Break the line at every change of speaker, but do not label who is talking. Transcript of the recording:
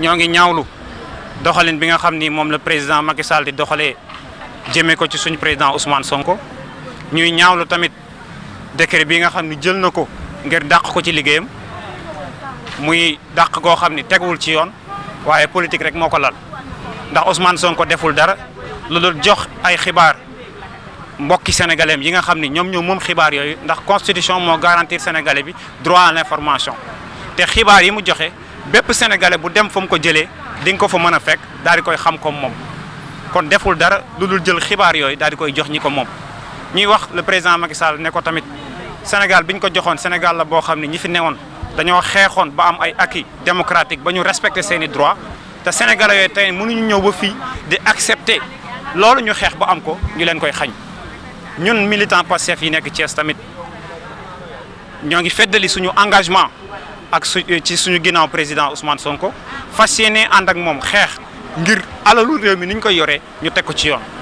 ñoo ngi ñaawlu doxalin bi nga xam ni moom la président Macky Sall di doxalee jëmee ko ci suñu président Ousmane Sonko ñuy ñaawlu tamit décret bi nga xam ni jël na ko ngir dàq ko ci liggéeyam muy dàq goo xam ni teguwul ci yoon waaye politique rek moo ko lal ndax Ousmane Sonko deful dara lu dul jox ay xibaar mbokki sénégalais yi nga xam ni ñoom ñoo moom xibaar yooyu ndax constitution moo garantir sénégalais bi droit à l'information te xibaar yi mu joxe. bépp sénégalais bu dem fa mu ko jëlee di nga ko fa mën a fekk daal di koy xam ko moom kon deful dara lu dul jël xibaar yooyu daal di koy jox ñi ko moom ñuy wax le président Macky Sall ne ko tamit Sénégal bi ñu ko joxoon Sénégal la boo xam ne ñi fi newoon dañoo xeexoon ba am ay acquis démocratique ba ñu respecté seeni droit te sénégalais yooyu tey mënuñu ñëw ba fii di accepter loolu ñu xeex ba am ko ñu leen koy xañ ñun militant Pastef yi nekk Thiès tamit ñoo ngi feddali suñu engagement ak su eh, ci suñu ginnaaw président Ousmane Sonko fas yéene ànd ak moom xeex ngir alalu réew mi ni ñu koy yoree ñu teg ko ci yoon.